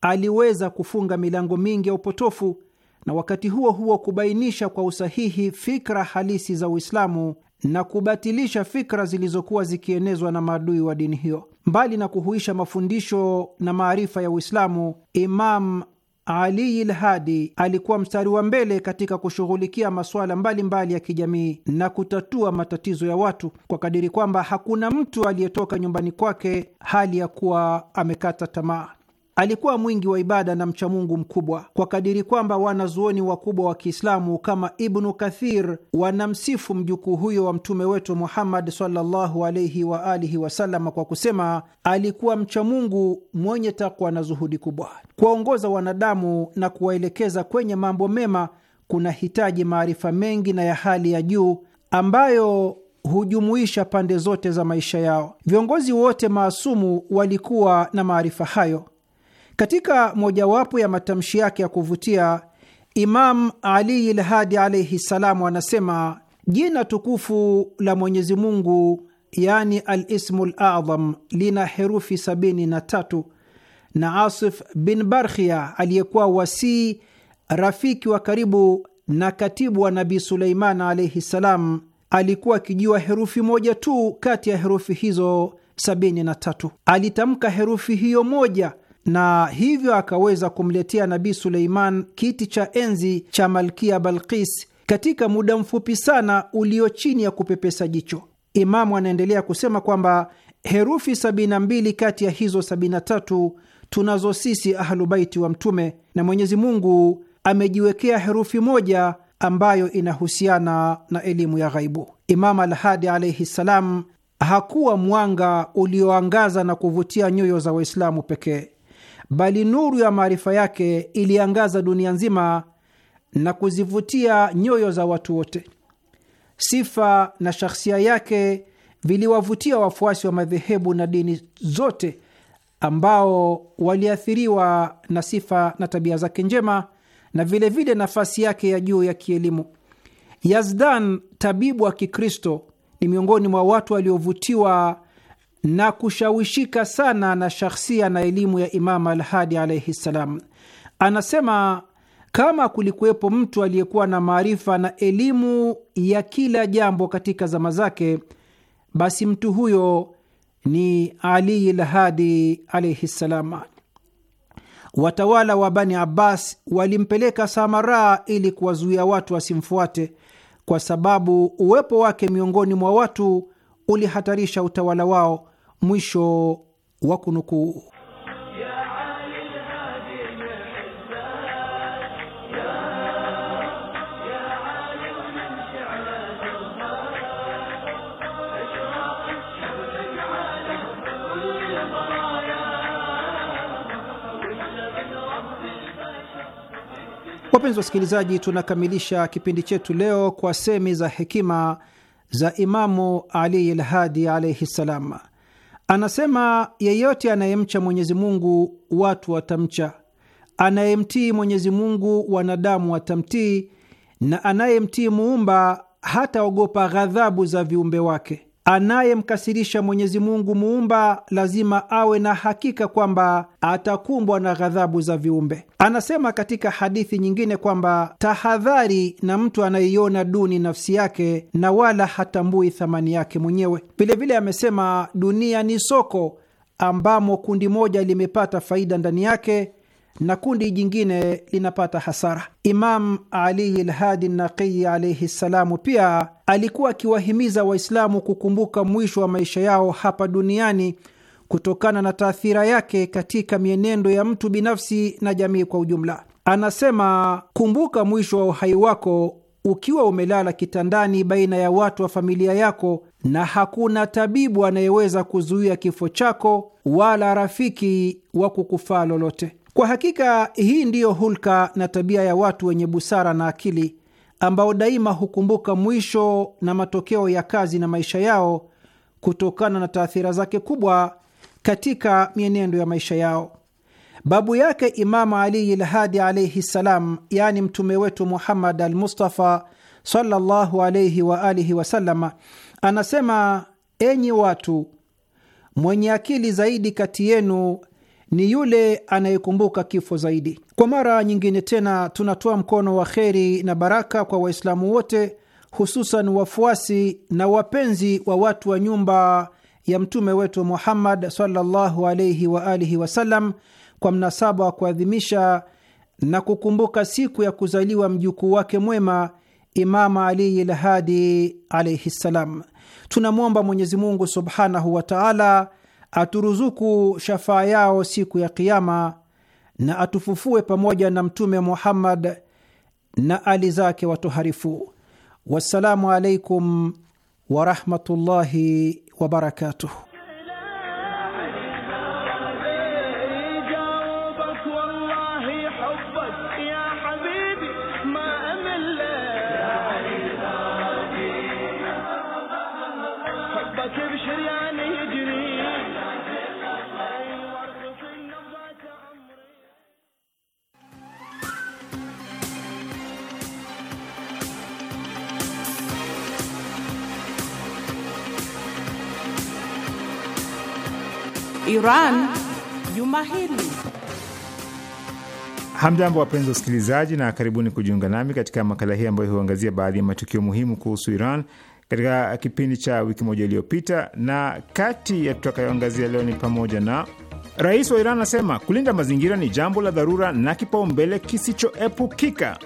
aliweza kufunga milango mingi ya upotofu na wakati huo huo kubainisha kwa usahihi fikra halisi za Uislamu na kubatilisha fikra zilizokuwa zikienezwa na maadui wa dini hiyo. Mbali na kuhuisha mafundisho na maarifa ya Uislamu, Imam ali Ilhadi alikuwa mstari wa mbele katika kushughulikia masuala mbalimbali ya kijamii na kutatua matatizo ya watu kwa kadiri kwamba hakuna mtu aliyetoka nyumbani kwake hali ya kuwa amekata tamaa. Alikuwa mwingi wa ibada na mchamungu mkubwa kwa kadiri kwamba wanazuoni wakubwa wa Kiislamu kama Ibnu Kathir wanamsifu mjukuu huyo wa mtume wetu Muhammad sallallahu alaihi wa alihi wasallam kwa kusema, alikuwa mchamungu mwenye takwa na zuhudi kubwa. Kuwaongoza wanadamu na kuwaelekeza kwenye mambo mema kuna hitaji maarifa mengi na ya hali ya juu ambayo hujumuisha pande zote za maisha yao. Viongozi wote maasumu walikuwa na maarifa hayo. Katika mojawapo ya matamshi yake ya kuvutia Imam Ali Lhadi alaihi ssalamu anasema jina tukufu la Mwenyezi Mungu yani Alismu Ladham lina herufi sabini na tatu na Asif bin Barkhia aliyekuwa wasii, rafiki wa karibu na katibu wa nabi Suleiman alaihi ssalam, alikuwa akijua herufi moja tu kati ya herufi hizo sabini na tatu. Alitamka herufi hiyo moja na hivyo akaweza kumletea Nabii Suleiman kiti cha enzi cha Malkia Balkis katika muda mfupi sana ulio chini ya kupepesa jicho. Imamu anaendelea kusema kwamba herufi 72 kati ya hizo 73 tunazo sisi Ahlubaiti wa Mtume, na Mwenyezi Mungu amejiwekea herufi moja ambayo inahusiana na elimu ya ghaibu. Imamu Alhadi alaihi ssalam hakuwa mwanga ulioangaza na kuvutia nyoyo za Waislamu pekee bali nuru ya maarifa yake iliangaza dunia nzima na kuzivutia nyoyo za watu wote. Sifa na shakhsia yake viliwavutia wafuasi wa madhehebu na dini zote ambao waliathiriwa na sifa na tabia zake njema na vilevile vile nafasi yake ya juu ya kielimu. Yazdan, tabibu wa Kikristo, ni miongoni mwa watu waliovutiwa na kushawishika sana na shakhsia na elimu ya Imamu Alhadi alaihi ssalam. Anasema kama kulikuwepo mtu aliyekuwa na maarifa na elimu ya kila jambo katika zama zake, basi mtu huyo ni Ali Lhadi alaihi ssalam. Watawala wa Bani Abbas walimpeleka samara ili kuwazuia watu wasimfuate, kwa sababu uwepo wake miongoni mwa watu ulihatarisha utawala wao Mwisho wa kunukuu. Wapenzi wasikilizaji, tunakamilisha kipindi chetu leo kwa semi za hekima za Imamu Ali lhadi alaihi ssalam. Anasema yeyote anayemcha Mwenyezi Mungu watu watamcha, anayemtii Mwenyezi Mungu wanadamu watamtii, na anayemtii muumba hataogopa ghadhabu za viumbe wake. Anayemkasirisha Mwenyezi Mungu muumba lazima awe na hakika kwamba atakumbwa na ghadhabu za viumbe. Anasema katika hadithi nyingine kwamba tahadhari na mtu anayeiona duni nafsi yake na wala hatambui thamani yake mwenyewe. Vilevile amesema dunia ni soko ambamo kundi moja limepata faida ndani yake na kundi jingine linapata hasara. Imam Ali Lhadi Naqiyi alaihi ssalamu pia alikuwa akiwahimiza Waislamu kukumbuka mwisho wa maisha yao hapa duniani kutokana na taathira yake katika mienendo ya mtu binafsi na jamii kwa ujumla. Anasema, kumbuka mwisho wa uhai wako ukiwa umelala kitandani baina ya watu wa familia yako, na hakuna tabibu anayeweza kuzuia kifo chako wala rafiki wa kukufaa lolote. Kwa hakika hii ndiyo hulka na tabia ya watu wenye busara na akili ambao daima hukumbuka mwisho na matokeo ya kazi na maisha yao kutokana na taathira zake kubwa katika mienendo ya maisha yao. Babu yake Imamu Ali Lhadi alaihi ssalam, yaani mtume wetu Muhammad Almustafa sallallahu alaihi wa alihi wasalama, anasema: enyi watu, mwenye akili zaidi kati yenu ni yule anayekumbuka kifo zaidi. Kwa mara nyingine tena, tunatoa mkono wa kheri na baraka kwa Waislamu wote, hususan wafuasi na wapenzi wa watu wa nyumba ya mtume wetu Muhammad sallallahu alaihi wa alihi wasallam kwa mnasaba wa kuadhimisha na kukumbuka siku ya kuzaliwa mjukuu wake mwema Imama Ali lhadi alaihi ssalam. Tunamwomba Mwenyezi Mungu subhanahu wa taala aturuzuku shafaa yao siku ya Kiama na atufufue pamoja na Mtume Muhammad na ali zake watoharifu. Wassalamu alaikum warahmatullahi wabarakatuh. Iran juma hili. Hamjambo, wapenzi usikilizaji, na karibuni kujiunga nami katika makala hii ambayo huangazia baadhi ya matukio muhimu kuhusu Iran katika kipindi cha wiki moja iliyopita, na kati ya tutakayoangazia leo ni pamoja na Rais wa Iran anasema kulinda mazingira ni jambo la dharura na kipaumbele kisichoepukika.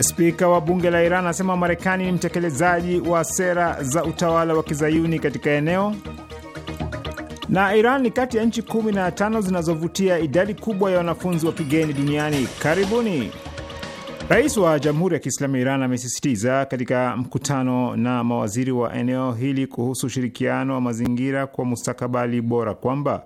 Spika wa bunge la Iran anasema Marekani ni mtekelezaji wa sera za utawala wa kizayuni katika eneo na Iran ni kati ya nchi kumi na tano zinazovutia idadi kubwa ya wanafunzi wa kigeni duniani. Karibuni. Rais wa Jamhuri ya Kiislamu ya Iran amesisitiza katika mkutano na mawaziri wa eneo hili kuhusu ushirikiano wa mazingira kwa mustakabali bora kwamba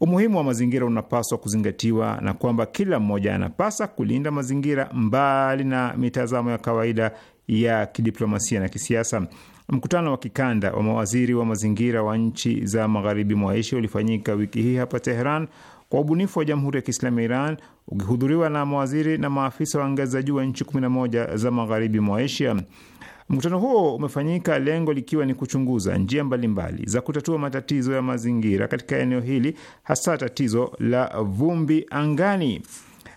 umuhimu wa mazingira unapaswa kuzingatiwa na kwamba kila mmoja anapasa kulinda mazingira mbali na mitazamo ya kawaida ya kidiplomasia na kisiasa. Mkutano wa kikanda wa mawaziri wa mazingira wa nchi za magharibi mwa Asia ulifanyika wiki hii hapa Teheran kwa ubunifu wa Jamhuri ya Kiislamu ya Iran ukihudhuriwa na mawaziri na maafisa wa ngazi za juu wa nchi 11 za magharibi mwa Asia. Mkutano huo umefanyika lengo likiwa ni kuchunguza njia mbalimbali za kutatua matatizo ya mazingira katika eneo hili, hasa tatizo la vumbi angani.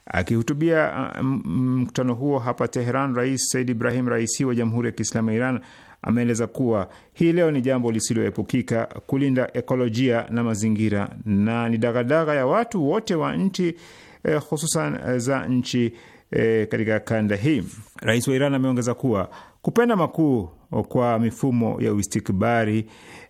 Akihutubia uh, mkutano huo hapa Teheran, Rais Said Ibrahim Raisi wa Jamhuri ya Kiislamu ya Iran ameeleza kuwa hii leo ni jambo lisiloepukika kulinda ekolojia na mazingira na ni dagadaga ya watu wote wa nchi eh, hususan eh, za nchi eh, katika kanda hii. Rais wa Iran ameongeza kuwa kupenda makuu kwa mifumo ya uistikbari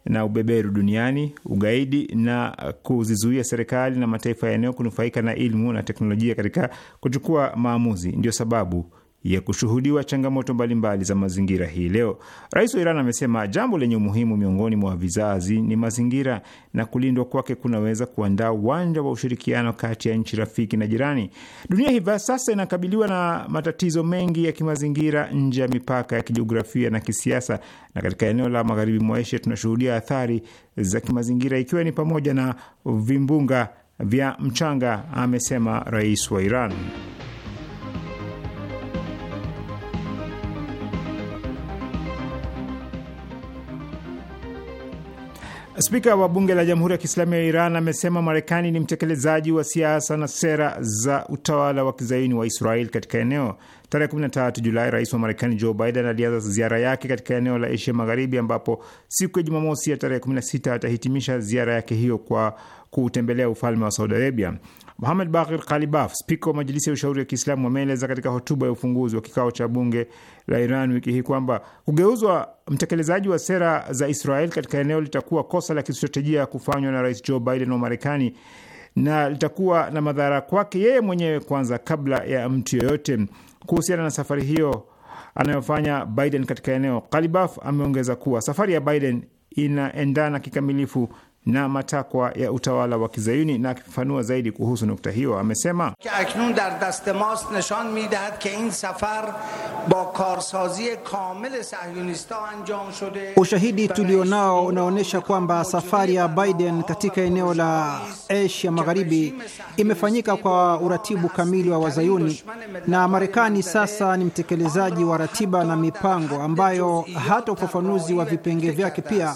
na ubeberu duniani, ugaidi na kuzizuia serikali na mataifa ya eneo kunufaika na ilmu na teknolojia katika kuchukua maamuzi, ndio sababu ya kushuhudiwa changamoto mbalimbali za mazingira hii leo. Rais wa Iran amesema jambo lenye umuhimu miongoni mwa vizazi ni mazingira na kulindwa kwake kunaweza kuandaa uwanja wa ushirikiano kati ya nchi rafiki na jirani. Dunia hivi sasa inakabiliwa na matatizo mengi ya kimazingira nje ya mipaka ya kijiografia na kisiasa, na katika eneo la magharibi mwa Asia tunashuhudia athari za kimazingira, ikiwa ni pamoja na vimbunga vya mchanga, amesema rais wa Iran. Spika wa bunge la Jamhuri ya Kiislamu ya Iran amesema Marekani ni mtekelezaji wa siasa na sera za utawala wa kizaini wa Israel katika eneo. Tarehe 13 Julai, rais wa Marekani Joe Biden alianza ziara yake katika eneo la Asia Magharibi, ambapo siku ya Jumamosi ya tarehe 16 atahitimisha ziara yake hiyo kwa kuutembelea ufalme wa Saudi Arabia. Muhamed Bakir Kalibaf, spika wa Majilisi ya Ushauri ya Kiislamu, ameeleza katika hotuba ya ufunguzi wa kikao cha bunge la Iran wiki hii kwamba kugeuzwa mtekelezaji wa sera za Israel katika eneo litakuwa kosa la kistratejia kufanywa na Rais Joe Biden wa Marekani na litakuwa na madhara kwake yeye mwenyewe kwanza kabla ya mtu yoyote. Kuhusiana na safari hiyo anayofanya Biden katika eneo, Kalibaf ameongeza kuwa safari ya Biden inaendana kikamilifu na matakwa ya utawala wa Kizayuni. Na akifafanua zaidi kuhusu nukta hiyo amesema, ushahidi tulionao unaonyesha kwamba safari ya Biden katika eneo la Asia Magharibi imefanyika kwa uratibu kamili wa Wazayuni, na Marekani sasa ni mtekelezaji wa ratiba na mipango ambayo hata ufafanuzi wa vipenge vyake pia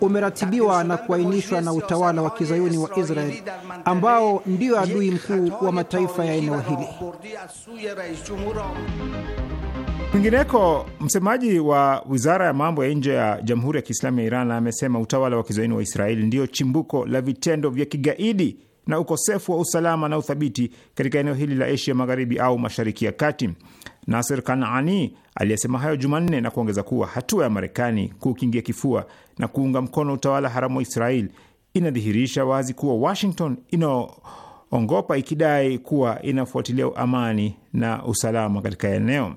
umeratibiwa na kuainishwa na utawala wa kizayuni wa israel ambao ndio adui mkuu wa mataifa ya eneo hili. Kwingineko, msemaji wa wizara ya mambo ya nje ya Jamhuri ya Kiislamu ya Iran amesema utawala wa kizayuni wa Israeli ndiyo chimbuko la vitendo vya kigaidi na ukosefu wa usalama na uthabiti katika eneo hili la Asia Magharibi au Mashariki ya Kati. Nasir Kanani aliyesema hayo Jumanne na kuongeza kuwa hatua ya Marekani kukingia kifua na kuunga mkono utawala haramu wa Israel inadhihirisha wazi kuwa Washington inaongopa ikidai kuwa inafuatilia amani na usalama katika eneo.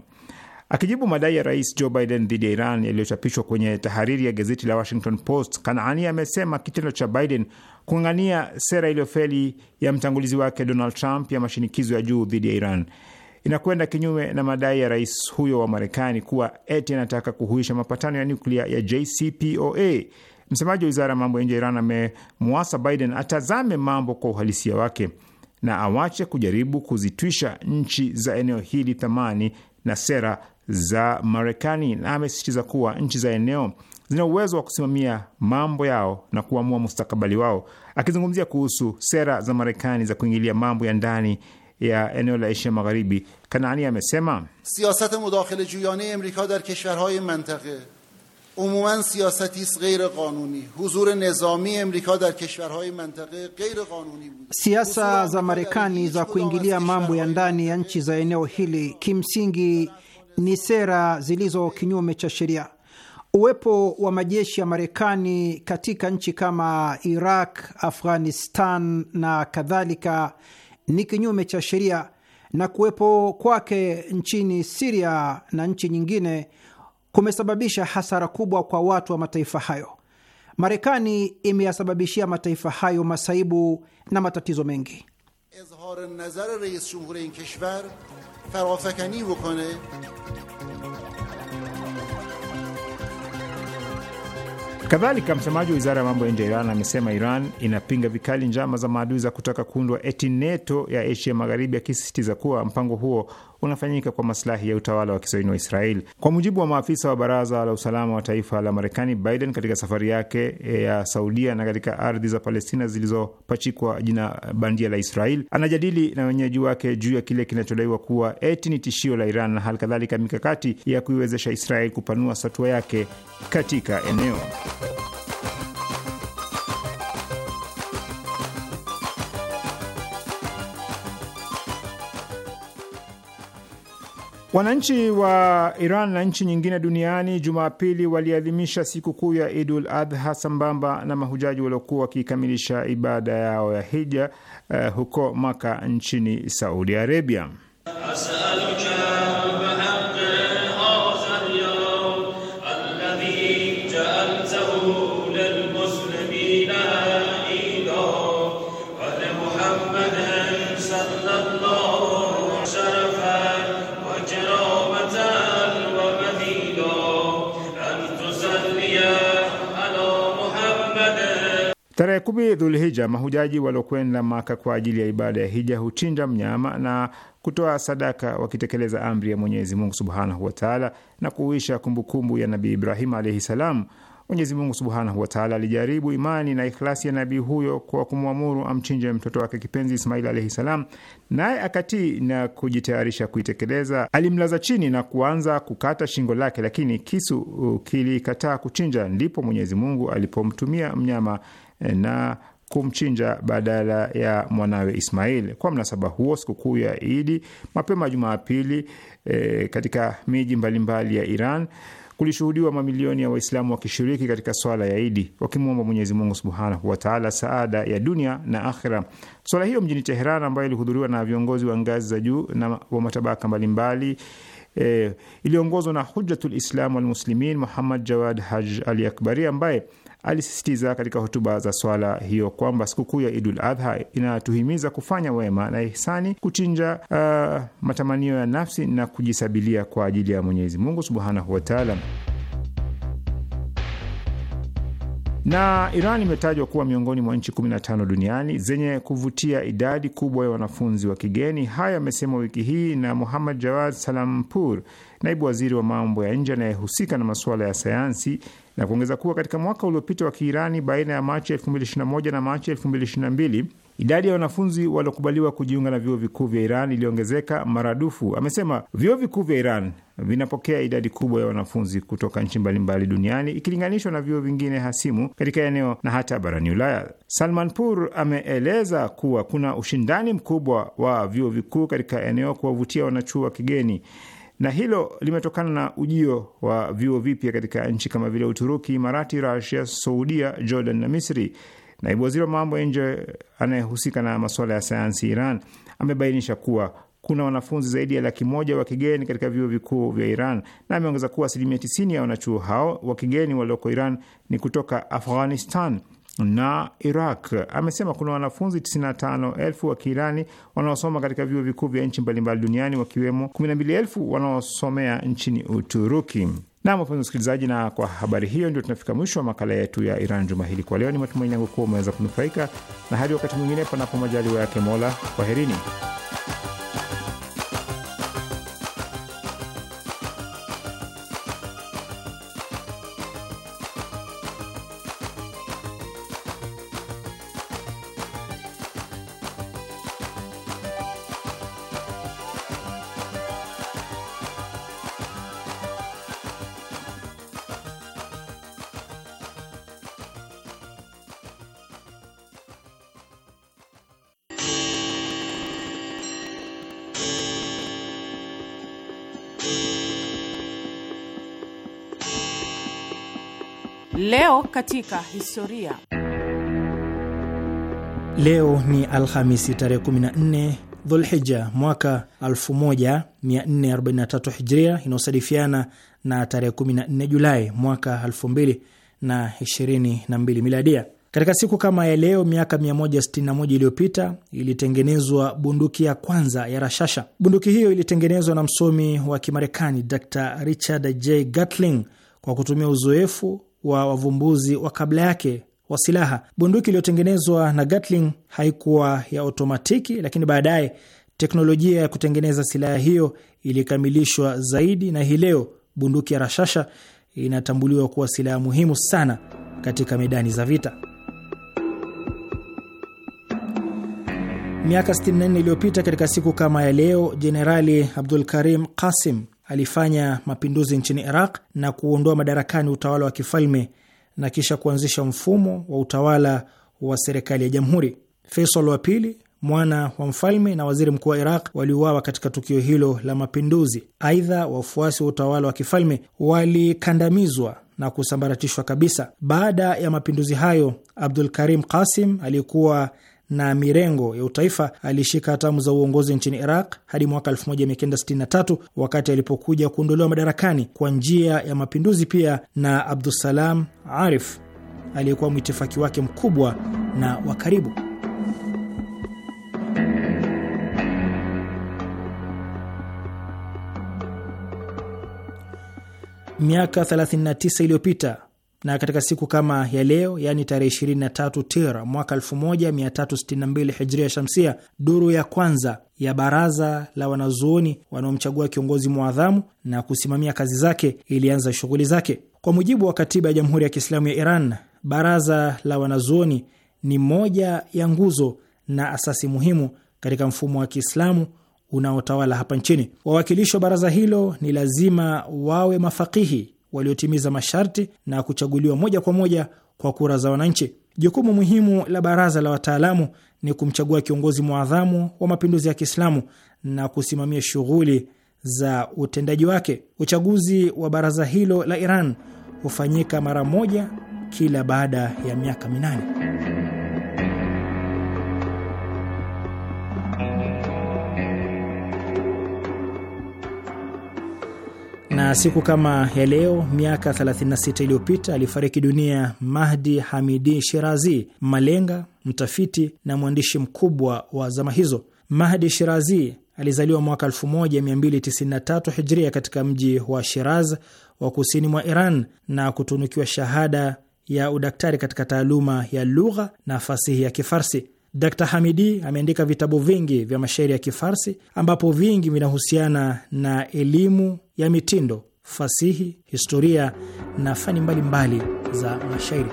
Akijibu madai ya rais Joe Biden dhidi ya Iran yaliyochapishwa kwenye tahariri ya gazeti la Washington Post, Kanaani amesema kitendo cha Biden kung'ang'ania sera iliyofeli ya mtangulizi wake Donald Trump ya mashinikizo ya juu dhidi ya Iran inakwenda kinyume na madai ya rais huyo wa Marekani kuwa eti anataka kuhuisha mapatano ya nyuklia ya JCPOA. Msemaji wa wizara ya mambo ya nje ya Iran amemwasa Biden atazame mambo kwa uhalisia wake na awache kujaribu kuzitwisha nchi za eneo hili thamani na sera za Marekani, na amesisitiza kuwa nchi za eneo zina uwezo wa kusimamia mambo yao na kuamua mustakabali wao. Akizungumzia kuhusu sera za Marekani za kuingilia mambo ya ndani ya eneo la Asia Magharibi, Kanani amesema siyasat mudakhale juyane Amerika dar keshvarhaye mantaqe umuman siyasati ist ghair qanuni huzur nizami Amerika dar keshvarhaye mantaqe ghair qanuni bude. Siasa za Marekani za kuingilia mambo ya ndani ya nchi za eneo hili kimsingi ni sera zilizo kinyume cha sheria. Uwepo wa majeshi ya Marekani katika nchi kama Iraq, Afghanistan na kadhalika ni kinyume cha sheria na kuwepo kwake nchini Siria na nchi nyingine kumesababisha hasara kubwa kwa watu wa mataifa hayo. Marekani imeyasababishia mataifa hayo masaibu na matatizo mengi. Kadhalika, msemaji wa wizara ya mambo ya nje ya Iran amesema Iran inapinga vikali njama za maadui za kutaka kuundwa eti NATO ya Asia Magharibi, akisisitiza kuwa mpango huo unafanyika kwa maslahi ya utawala wa kisoini wa Israel. Kwa mujibu wa maafisa wa baraza la usalama wa taifa la Marekani, Biden katika safari yake eh, ya Saudia na katika ardhi za Palestina zilizopachikwa jina bandia la Israel anajadili na wenyeji wake juu ya kile kinachodaiwa kuwa eti ni tishio la Iran na hali kadhalika mikakati ya kuiwezesha Israel kupanua satua yake katika eneo Wananchi wa Iran na nchi nyingine duniani Jumapili waliadhimisha sikukuu ya Idul Adha sambamba na mahujaji waliokuwa wakikamilisha ibada yao ya hija uh, huko Maka nchini Saudi Arabia. Asaluka. Tarehe kumi Dhulhija, mahujaji waliokwenda Maka kwa ajili ya ibada ya hija huchinja mnyama na kutoa sadaka wakitekeleza amri ya Mwenyezi Mungu subhanahu wataala na kuisha kumbukumbu ya Nabii Ibrahim alaihi salam. Mwenyezi Mungu subhanahu wataala alijaribu imani na ikhlasi ya nabii huyo kwa kumwamuru amchinje mtoto wake kipenzi Ismail alaihi salam, naye akatii na kujitayarisha kuitekeleza. Alimlaza chini na kuanza kukata shingo lake, lakini kisu uh, kilikataa kuchinja. Ndipo Mwenyezi Mungu alipomtumia mnyama na kumchinja badala ya mwanawe Ismail. Kwa mnasaba huo, sikukuu ya Idi mapema Jumapili e, katika miji mbalimbali ya Iran kulishuhudiwa mamilioni ya Waislamu wakishiriki katika swala ya Idi wakimwomba Mwenyezi Mungu subhanahu wataala saada ya dunia na akhira. Swala hiyo mjini Teheran, ambayo ilihudhuriwa na viongozi wa ngazi za juu na wa matabaka mbalimbali e, iliongozwa na Hujjatul Islam Walmuslimin Muhammad Jawad Haj Ali Akbari ambaye alisisitiza katika hotuba za swala hiyo kwamba sikukuu ya Idul Adha inatuhimiza kufanya wema na ihsani, kuchinja uh, matamanio ya nafsi na kujisabilia kwa ajili ya Mwenyezi Mungu subhanahu wataala. na Iran imetajwa kuwa miongoni mwa nchi 15 duniani zenye kuvutia idadi kubwa ya wanafunzi wa kigeni. Haya amesema wiki hii na Muhammad Jawad Salampur, naibu waziri wa mambo ya nje anayehusika na masuala ya sayansi na kuongeza kuwa katika mwaka uliopita wa Kiirani baina ya Machi 2021 na Machi 2022 idadi ya wanafunzi waliokubaliwa kujiunga na vyuo vikuu vya Iran iliongezeka maradufu. Amesema vyuo vikuu vya Iran vinapokea idadi kubwa ya wanafunzi kutoka nchi mbalimbali duniani ikilinganishwa na vyuo vingine hasimu katika eneo na hata barani Ulaya. Salmanpur ameeleza kuwa kuna ushindani mkubwa wa vyuo vikuu katika eneo kuwavutia wanachuo wa kigeni na hilo limetokana na ujio wa vyuo vipya katika nchi kama vile Uturuki, Imarati, Rasia, Saudia, Jordan na Misri. Naibu waziri wa mambo ya nje anayehusika na masuala ya sayansi Iran amebainisha kuwa kuna wanafunzi zaidi ya laki moja wa kigeni katika vyuo vikuu vya Iran, na ameongeza kuwa asilimia 90 ya wanachuo hao wa kigeni walioko Iran ni kutoka Afghanistan na Iraq. Amesema kuna wanafunzi 95,000 wa Kiirani wanaosoma katika vyuo vikuu vya nchi mbalimbali duniani wakiwemo 12,000 wanaosomea nchini Uturuki. Nam, wapenzi wasikilizaji, na kwa habari hiyo ndio tunafika mwisho wa makala yetu ya Iran juma hili kwa leo. Ni matumaini yangu kuwa umeweza kunufaika, na hadi wakati mwingine, panapo majaliwa yake Mola, kwaherini. katika historia. Leo ni Alhamisi tarehe 14 Dhulhija mwaka 1443 Hijria, inayosadifiana na tarehe 14 Julai mwaka 2022 Miladia. Katika siku kama ya leo miaka 161 iliyopita ilitengenezwa bunduki ya kwanza ya rashasha. Bunduki hiyo ilitengenezwa na msomi wa Kimarekani Dr Richard J Gatling kwa kutumia uzoefu wa wavumbuzi wa kabla yake wa silaha. Bunduki iliyotengenezwa na Gatling haikuwa ya otomatiki, lakini baadaye teknolojia ya kutengeneza silaha hiyo ilikamilishwa zaidi, na hii leo bunduki ya rashasha inatambuliwa kuwa silaha muhimu sana katika medani za vita. Miaka 64 iliyopita katika siku kama ya leo, Jenerali Abdul Karim Qasim alifanya mapinduzi nchini Iraq na kuondoa madarakani utawala wa kifalme na kisha kuanzisha mfumo wa utawala wa serikali ya jamhuri. Faisal wa pili mwana wa mfalme na waziri mkuu wa Iraq waliuawa katika tukio hilo la mapinduzi. Aidha, wafuasi wa utawala wa kifalme walikandamizwa na kusambaratishwa kabisa. Baada ya mapinduzi hayo, Abdul Karim Qasim aliyekuwa na mirengo ya utaifa alishika hatamu za uongozi nchini Iraq hadi mwaka 1963 wakati alipokuja kuondolewa madarakani kwa njia ya mapinduzi, pia na Abdusalam Arif aliyekuwa mwitifaki wake mkubwa na wa karibu. Miaka 39 iliyopita na katika siku kama ya leo, yani tarehe 23 Tir mwaka 1362 Hijria Shamsia, duru ya kwanza ya baraza la wanazuoni wanaomchagua kiongozi mwadhamu na kusimamia kazi zake ilianza shughuli zake. Kwa mujibu wa katiba ya Jamhuri ya Kiislamu ya Iran, baraza la wanazuoni ni moja ya nguzo na asasi muhimu katika mfumo wa Kiislamu unaotawala hapa nchini. Wawakilishi wa baraza hilo ni lazima wawe mafakihi waliotimiza masharti na kuchaguliwa moja kwa moja kwa kura za wananchi. Jukumu muhimu la baraza la wataalamu ni kumchagua kiongozi mwadhamu wa mapinduzi ya Kiislamu na kusimamia shughuli za utendaji wake. Uchaguzi wa baraza hilo la Iran hufanyika mara moja kila baada ya miaka minane. Na siku kama ya leo miaka 36 iliyopita alifariki dunia Mahdi Hamidi Shirazi, malenga, mtafiti na mwandishi mkubwa wa zama hizo. Mahdi Shirazi alizaliwa mwaka 1293 Hijria katika mji wa Shiraz wa kusini mwa Iran na kutunukiwa shahada ya udaktari katika taaluma ya lugha na fasihi ya Kifarsi. Dr Hamidi ameandika vitabu vingi vya mashairi ya Kifarsi ambapo vingi vinahusiana na elimu ya mitindo, fasihi, historia na fani mbalimbali mbali za mashairi.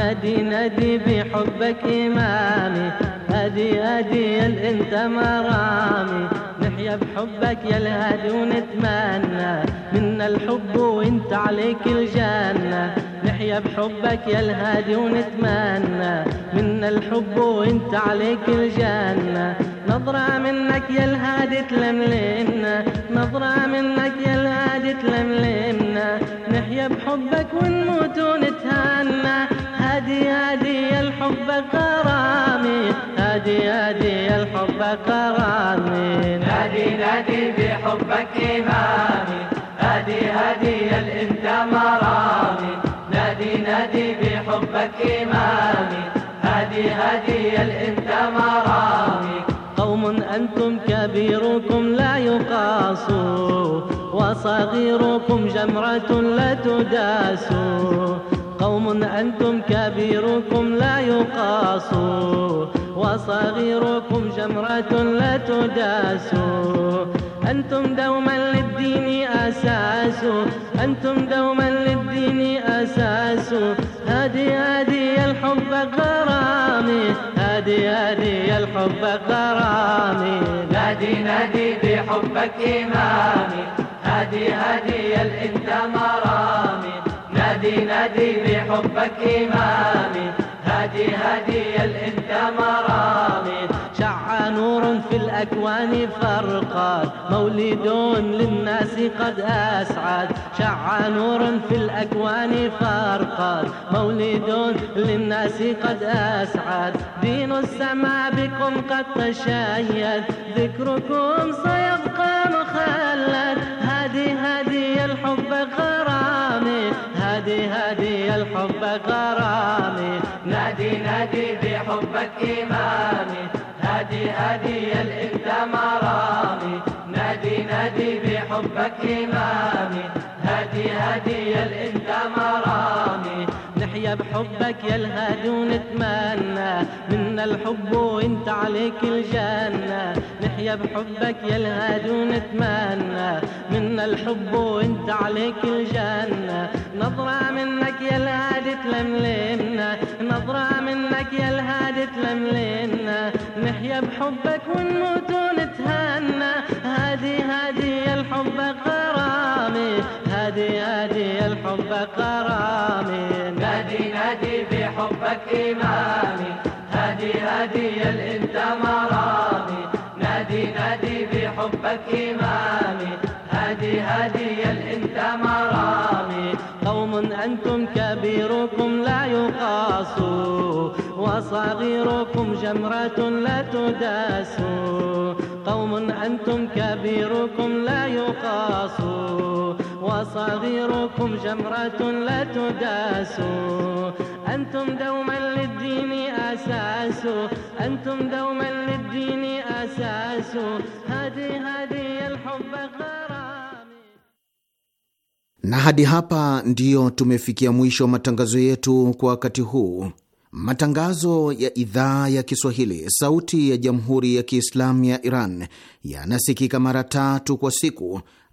نادي نادي بحبك إمامي هدي هدي يل أنت مرامي نحيا بحبك يا الهادي ونتمنى منا الحب وانت عليك الجنة نحيا بحبك يا الهادي ونتمنى منا الحب وانت عليك الجنة نظرة منك يا الهادي تلملمنا نظرة منك يا الهادي تلملمنا نحيا بحبك ونموت ونتهنى هادي هادي الحب كرامي هادي هادي الحب كرامي نادي نادي بحبك إمامي هادي هادي الإنت مرامي نادي نادي بحبك إمامي هادي هادي الإنت مرامي قوم أنتم كبيركم لا يقاسوا وصغيركم جمرة لا تداسوا قوم أنتم كبيركم لا يقاس وصغيركم جمرة لا تداس أنتم دوما للدين أساس أنتم دوما للدين أساس هادي هادي الحب غرامي هادي هادي الحب غرامي نادي نادي بحبك إمامي هادي هادي الإنت مرامي نادي نادي بحبك إمامي هادي هادي الإنت مرامي شع نور في الأكوان فرقا مولد للناس قد أسعد شع نور في الأكوان فرقا مولد للناس قد أسعد دين السماء بكم قد تشيد ذكركم سيبقى مخلد هادي هادي بحب غرامي نادي نادي بحبك إمامي هادي هادي يا الإبداع مرامي نادي نادي بحبك إمامي هادي هادي يا الإبداع مرامي نحيا بحبك يا الهادي ونتمنى منا الحب وانت عليك الجنة نحيا بحبك يا الهادي ونتمنى منا الحب وانت عليك الجنة نظرة منك يا الهادي تلملمنا نظرة منك يا الهادي تلملمنا نحيا بحبك ونموت ونتهنى هادي هادي يا الحب غرامي هادي هادي يا الحب غرامي محمد إمامي هدي هدي الإنت مرامي نادي نادي بحبك إمامي هدي هدي الإنت مرامي قوم أنتم كبيركم لا يقاسوا وصغيركم جمرة لا تداسوا قوم أنتم كبيركم لا يقاسوا وصغيركم جمرة لا تداس أنتم دوما للدين أساس أنتم دوما للدين أساس هذه هذه الحب na hadi hapa ndiyo tumefikia mwisho wa matangazo yetu kwa wakati huu. Matangazo ya idhaa ya Kiswahili sauti ya jamhuri ya Kiislamu ya Iran yanasikika mara tatu kwa siku